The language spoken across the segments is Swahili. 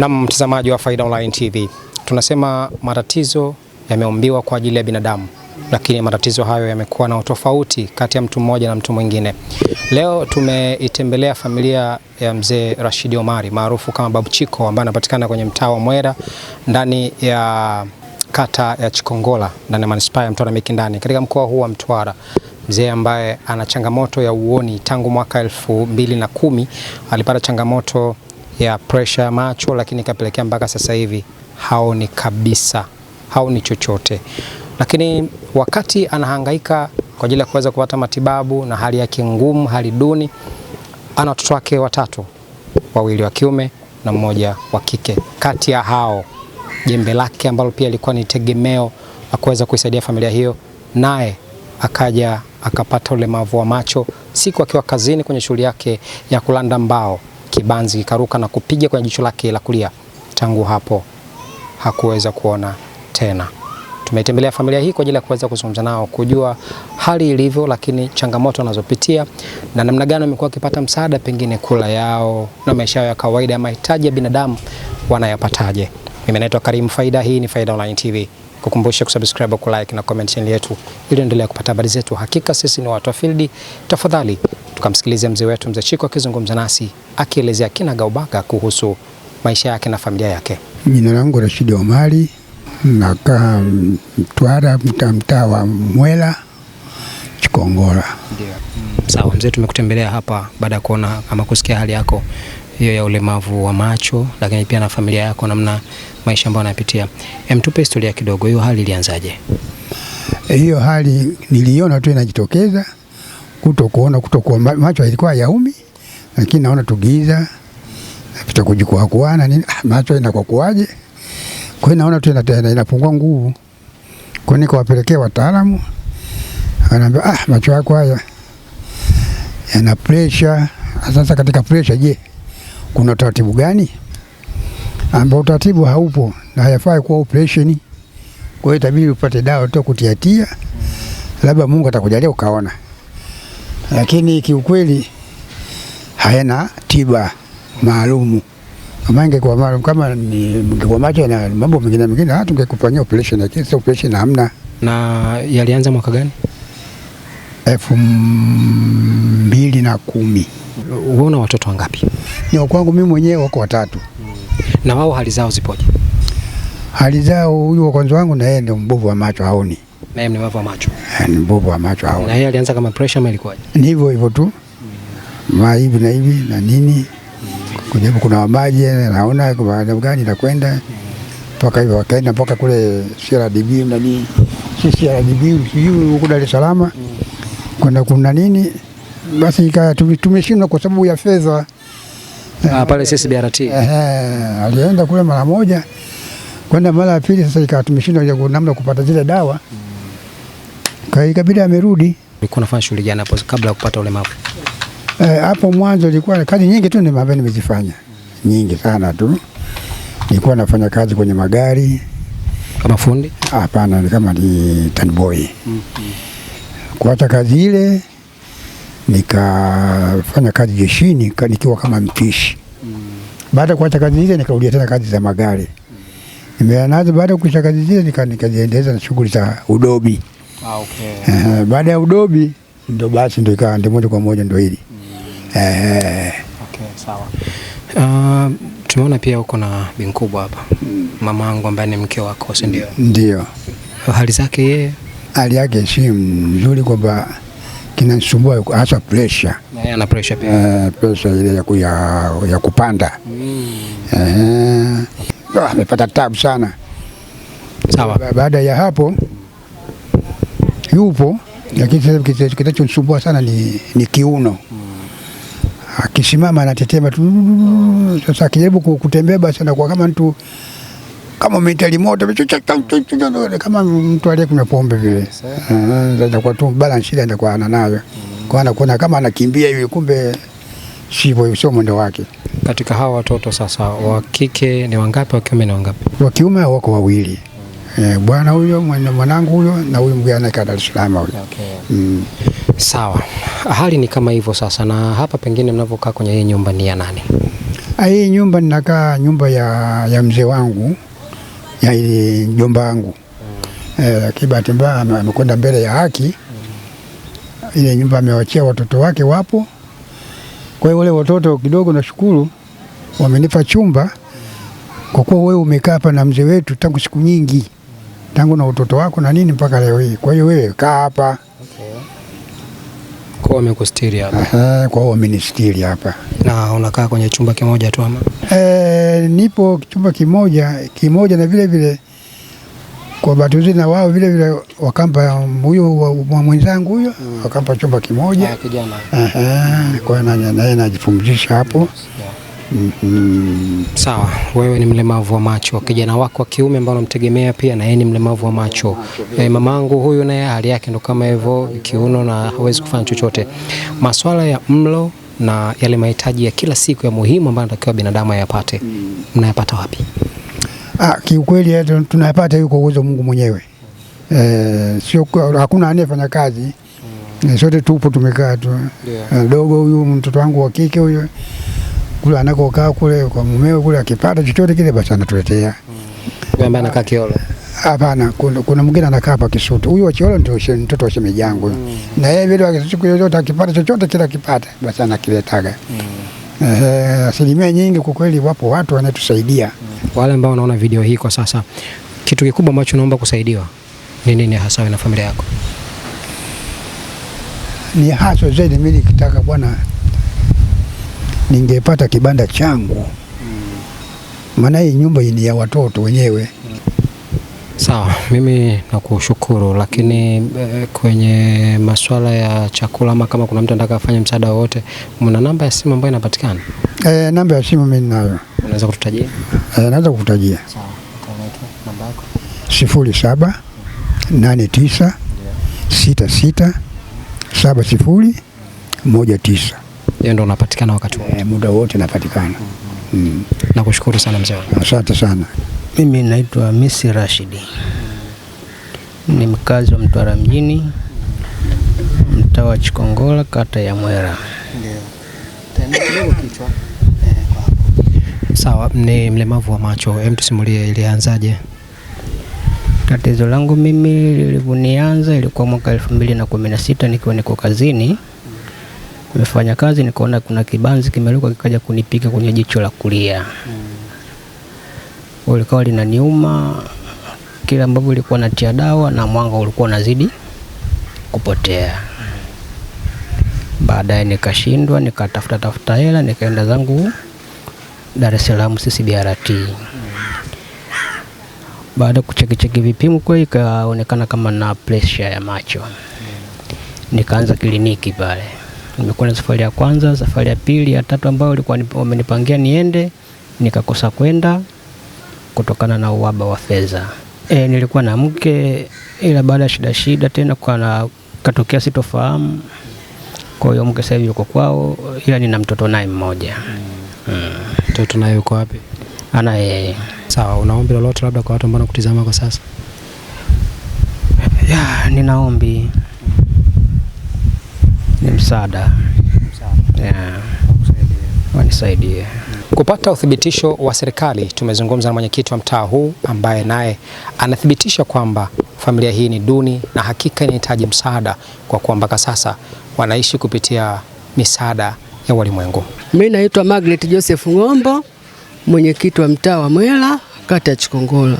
Na mtazamaji wa Faida Online TV, tunasema matatizo yameumbiwa kwa ajili ya binadamu, lakini matatizo hayo yamekuwa na utofauti kati ya mtu mmoja na mtu mwingine. Leo tumeitembelea familia ya mzee Rashidi Omari maarufu kama Babu Chiko ambaye anapatikana kwenye mtaa wa Mwera ndani ya kata ya Chikongola ndani ya manispaa ya Mtwara Mikindani katika mkoa huu wa Mtwara. Mzee ambaye ana changamoto ya uoni tangu mwaka elfu mbili na kumi alipata changamoto ya pressure ya macho, lakini ikapelekea mpaka sasa hivi haoni kabisa, haoni chochote. Lakini wakati anahangaika kwa ajili ya kuweza kupata matibabu na hali yake ngumu, hali duni, ana watoto wake watatu, wawili wa kiume na mmoja wa kike. Kati ya hao jembe lake ambalo pia ilikuwa ni tegemeo la kuweza kuisaidia familia hiyo, naye akaja akapata ulemavu wa macho, siku akiwa kazini kwenye shughuli yake ya kulanda mbao kibanzi kikaruka na kupiga kwenye jicho lake la kulia. Tangu hapo hakuweza kuona tena. Tumetembelea familia hii kwa ajili ya kuweza kuzungumza nao, kujua hali ilivyo, lakini changamoto wanazopitia na namna gani wamekuwa wakipata msaada, pengine kula yao na maisha yao ya kawaida ya mahitaji ya binadamu wanayapataje. Mimi naitwa Karim Faida, hii ni Faida Online TV. Kukumbusha kusubscribe, ku like na comment channel yetu ili endelea kupata habari zetu. Hakika sisi ni watu wa field. Tafadhali Tukamsikilize mzee wetu mzee Chiko akizungumza nasi akielezea kina gaubaga kuhusu maisha yake na familia yake. Jina langu Rashidi Omari, nakaa Mtwara, mtaa mtaa wa Mwela Chikongola. Mm, sawa mzee, tumekutembelea hapa baada ya kuona ama kusikia hali yako hiyo ya ulemavu wa macho, lakini pia na familia yako, namna maisha ambayo anapitia. Em, tupe historia kidogo, hiyo hali ilianzaje? Hiyo hali niliona tu inajitokeza kutokuona, kutokuwa macho ilikuwa yaumi, lakini naona tugiza napita kujikua kuana nini, ah, macho inakuwa kuaje? Kwa hiyo naona tu inapungua nguvu. Kwa hiyo nikawapelekea wataalamu, anaambia ah, macho yako haya yana pressure. Sasa katika pressure, je, kuna taratibu gani ambao utaratibu haupo na hayafai kuwa operesheni? Kwa hiyo itabidi upate dawa tu kutiatia, labda Mungu atakujalia ukaona lakini kiukweli hayana tiba maalumu. Kama ingekuwa maalum kama ingekuwa macho na mambo mengine mengine, ah, tungekufanyia operation, lakini sio operation, hamna. Na yalianza mwaka gani? elfu mbili na kumi. Wewe una watoto wangapi? Ni kwangu mimi mwenyewe wako watatu. Na wao hali zao zipoje? Hali zao, huyu wa kwanza wangu na yeye ndio mbovu wa macho, haoni na yeye mlemavu wa macho. Eh, ni mbovu wa macho hao. Na yeye alianza kama pressure ama ilikuwaje? Ni hivyo hivyo tu. Ma hivi na hivi na nini? Kujapo kuna maji naona kwa sababu gani nakwenda. Toka hivyo wakaenda mpaka kule CRDB na nini. Si CRDB sijui huko Dar es Salaam. Kwenda kuna nini? Basi ikawa tumeshindwa kwa sababu ya fedha. Ah, pale sisi BRT Eh, alienda kule mara moja. Kwenda mara ya pili sasa ikawa tumeshindwa namna kupata zile dawa. Kwa hiyo ikabidi amerudi. Nilikuwa nafanya shughuli gani hapo kabla ya kupata ulemavu? Eh, hapo mwanzo ilikuwa kazi nyingi tu nimebaba nimezifanya. Nyingi sana tu. Nilikuwa nafanya kazi kwenye magari kama fundi? Hapana, ni kama ni tanboy. Mm -hmm. Kuacha kazi ile nikafanya kazi jeshini nikiwa kama mpishi. Mm. Baada kuacha kazi ile nikarudia tena kazi za magari. Mm. Nimeanza baada ya kuacha kazi zile nikaendeleza na shughuli za udobi ah, okay. Eh, baada ya udobi ndo basi ndo ikawa ndio moja kwa moja ndo hili Eh, okay, sawa. Uh, tumeona pia uko na bin kubwa hapa mm. mama yangu ambaye ni mke wako, si ndio? Ndio. hali zake yeye, hali yake si nzuri, kwamba kinasumbua hasa pressure. Yeah, ana pressure pia. Eh, pressure ile ya, ya, ya kupanda mm. Eh, ah, amepata tabu sana. Sawa. Baada ya hapo yupo, lakini sasa kinachosumbua sana ni, ni kiuno. Akisimama anatetema tu. Sasa akijaribu kutembea basi anakuwa kama mtu kama umetali moto kama mtu aliyekunywa pombe vile, eh, anakuwa tu balance ile anakuwa ananayo, kwa anakuona kama anakimbia hivi, kumbe sivyo, sio mwendo wake. Katika hawa watoto sasa, wa kike ni wangapi? Wa kiume ni wangapi? Wa kiume wako wawili eh, bwana huyo mwanangu huyo na huyu mgana kaa Dar es Salaam huyo. Okay. Mm. Sawa, hali ni kama hivyo sasa. Na hapa pengine mnavyokaa kwenye hii nyumba ni ya nani? Ah, hii nyumba ninakaa nyumba ya, ya mzee wangu ya ili jomba wangu mm. Eh, lakini bahati mbaya amekwenda mbele ya haki mm. Ile nyumba amewachia watoto wake wapo. Kwa hiyo wale watoto kidogo nashukuru wamenipa chumba kwa kuwa wewe umekaa hapa na mzee wetu tangu siku nyingi tangu na utoto wako na nini mpaka leo hii. Kwa hiyo wewe kaa hapa. Kwa wamekustiri hapa. Kwa wamenistiri hapa. Na unakaa kwenye chumba kimoja tu ama? E, nipo chumba kimoja kimoja, na vile vile kwa batuzi na wao vile vile wakampa huyo wa mwenzangu huyo mm. wakampa chumba kimoja ah, kijana, kwa naye najipumzisha hapo. Yes, yeah. Mm, mm, sawa, wewe ni mlemavu wa macho, kijana wako wa kiume ambao unamtegemea pia na yeye ni mlemavu wa macho. E, mamangu huyu naye hali yake ndo kama hivyo, kiuno na hawezi kufanya chochote. Masuala ya mlo na yale mahitaji ya kila siku ya muhimu ambayo anatakiwa binadamu ayapate, mnayapata wapi? Ah, kiukweli eh, tunayapata yuko uwezo Mungu mwenyewe. E, sio hakuna anayefanya kazi, sote tupo tumekaa tu. Dogo huyu mtoto wangu wa kike huyu kule anakokaa kule kwa mumeo kule, akipata chochote kile basi anatuletea. Kwamba anakaa Kiolo? Hapana, kuna, kuna mwingine anakaa hapa Kisutu. Huyu wa Kiolo ndio mtoto wa shemeji yangu mm. na yeye vile siku yoyote akipata chochote kile akipata basi anakiletaga mm. eh, asilimia nyingi kwa kweli, wapo watu wanatusaidia mm. wale ambao wanaona video hii kwa sasa, kitu kikubwa ambacho naomba kusaidiwa ni nini hasa na familia yako? Ni haso zaidi mimi nikitaka bwana ningepata kibanda changu, maana hii nyumba ni ya watoto wenyewe. Sawa, mimi nakushukuru, lakini eh, kwenye masuala ya chakula ama kama kuna mtu anataka afanye msaada wowote, mna namba ya simu ambayo inapatikana? E, namba ya simu mimi ninayo, unaweza kututajia? E, naweza kukutajia. Sawa, namba yako sifuri saba nane tisa sita sita saba sifuri moja tisa. Yeye ndo unapatikana wakati wote. Eh, muda wote napatikana. Mm. Nakushukuru sana mzee. Asante sana. Mimi naitwa Misi Rashidi, ni mkazi wa Mtwara mjini, mtaa wa Chikongola, kata ya Mwera. Eh, Sawa, ni mlemavu wa macho. Hem, tusimulie ilianzaje? Tatizo langu mimi lilivunianza ilikuwa mwaka elfu mbili na kumi na sita nikiwa niko kazini nimefanya kazi nikaona kuna kibanzi kimeruka kikaja kunipiga kwenye jicho la kulia mm. ulikawa linaniuma kila ambavyo ilikuwa natia dawa na mwanga ulikuwa unazidi kupotea. Baadaye nikashindwa nikatafuta tafuta hela nikaenda zangu Dar es Salaam CCBRT. Baada kuchekicheki vipimo kwa ikaonekana kama na pressure ya macho, hmm. nikaanza kliniki pale Nimekuwa na safari ya kwanza, safari ya pili, ya tatu ambayo walikuwa wamenipangia niende nikakosa kwenda kutokana na uhaba wa fedha. E, nilikuwa na mke ila baada ya shida shida tena kana katokea sitofahamu. Kwa hiyo mke sasa hivi yuko kwao, ila nina mtoto naye mmoja. Mm. Mtoto naye yuko wapi? Ana yeye. Sawa, una ombi lolote labda kwa watu ambao wanakutizama kwa sasa? Ya, nina ombi msaada, Yeah. Wanisaidie kupata uthibitisho wa serikali. Tumezungumza na mwenyekiti wa mtaa huu ambaye naye anathibitisha kwamba familia hii ni duni na hakika inahitaji msaada, kwa kuwa mpaka sasa wanaishi kupitia misaada ya walimwengu. mi naitwa Margaret Joseph Ng'ombo, mwenyekiti wa mtaa wa Mwela, kata ya Chikongola.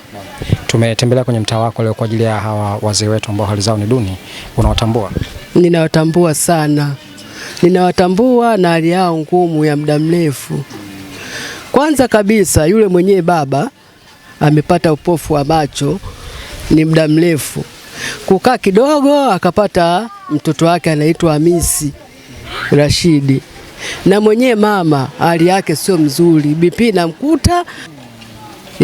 Tumetembelea kwenye mtaa wako leo kwa ajili ya hawa wazee wetu ambao hali zao ni duni, unawatambua? ninawatambua sana, ninawatambua na hali yao ngumu ya muda mrefu. Kwanza kabisa yule mwenyewe baba amepata upofu wa macho ni muda mrefu, kukaa kidogo akapata mtoto wake anaitwa Hamisi Rashidi, na mwenyewe mama hali yake sio mzuri, BP namkuta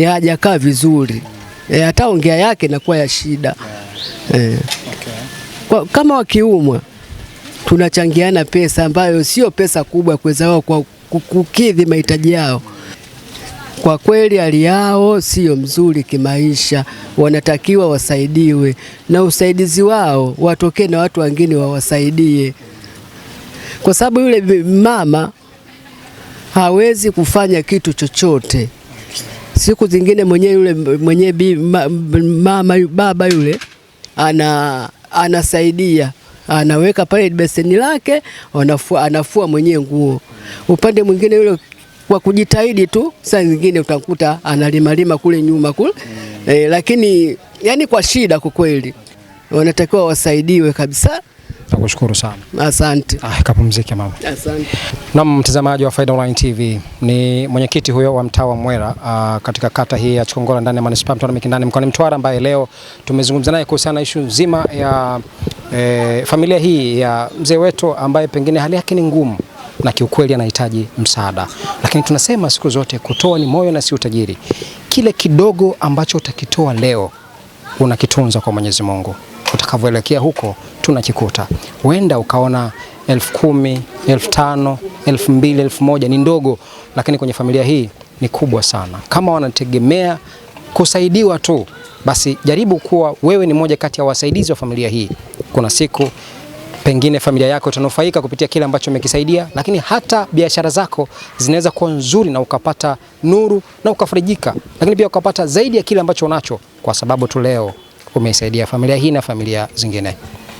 hajakaa vizuri, e, hata ongea yake inakuwa ya shida eh kwa, kama wakiumwa tunachangiana pesa ambayo sio pesa kubwa kuweza wao kwa kukidhi mahitaji yao. Kwa kweli hali yao sio mzuri kimaisha, wanatakiwa wasaidiwe na usaidizi wao watokee na watu wengine wawasaidie, kwa sababu yule mama hawezi kufanya kitu chochote. Siku zingine mwenyewe yule mwenyewe mama baba yule ana anasaidia anaweka pale beseni lake, anafua, anafua mwenyewe nguo. Upande mwingine yule kwa kujitahidi tu, saa nyingine utakuta analimalima kule nyuma kule e, lakini yani kwa shida kwa kweli wanatakiwa wasaidiwe kabisa. Nakushukuru sana. Asante. Ah, kapumzike mama. Asante. Na mtazamaji wa Faida Online TV, ni mwenyekiti huyo wa mtaa wa Mwera ah, katika kata hii ya Chikongola ndani ya manispaa Mtwara Mikindani mkoani Mtwara, ambaye leo tumezungumza naye kuhusiana na ishu nzima ya eh, familia hii ya mzee wetu ambaye pengine hali yake ni ngumu na kiukweli anahitaji msaada, lakini tunasema siku zote kutoa ni moyo na si utajiri. Kile kidogo ambacho utakitoa leo unakitunza kwa Mwenyezi Mungu utakavyoelekea huko tunakikuta. Huenda ukaona elfu kumi, elfu tano, elfu mbili, elfu moja ni ndogo, lakini kwenye familia hii ni kubwa sana. Kama wanategemea kusaidiwa tu, basi jaribu kuwa wewe ni moja kati ya wasaidizi wa familia hii. Kuna siku pengine familia yako itanufaika kupitia kile ambacho umekisaidia, lakini hata biashara zako zinaweza kuwa nzuri na ukapata nuru na ukafarijika, lakini pia ukapata zaidi ya kile ambacho unacho, kwa sababu tu leo umeisaidia familia hii na familia zingine.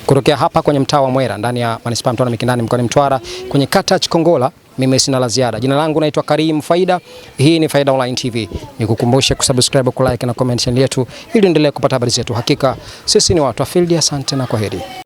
Kutokea hapa kwenye mtaa wa Mwera ndani ya manispaa Mtwara Mikindani mkoani Mtwara kwenye kata ya Chikongola, mimi sina la ziada. Jina langu naitwa Karim Faida. Hii ni Faida Online TV. Nikukumbushe kusubscribe, kulike na comment yetu ili endelee kupata habari zetu. Hakika sisi ni watu wa field. Asante na kwaheri.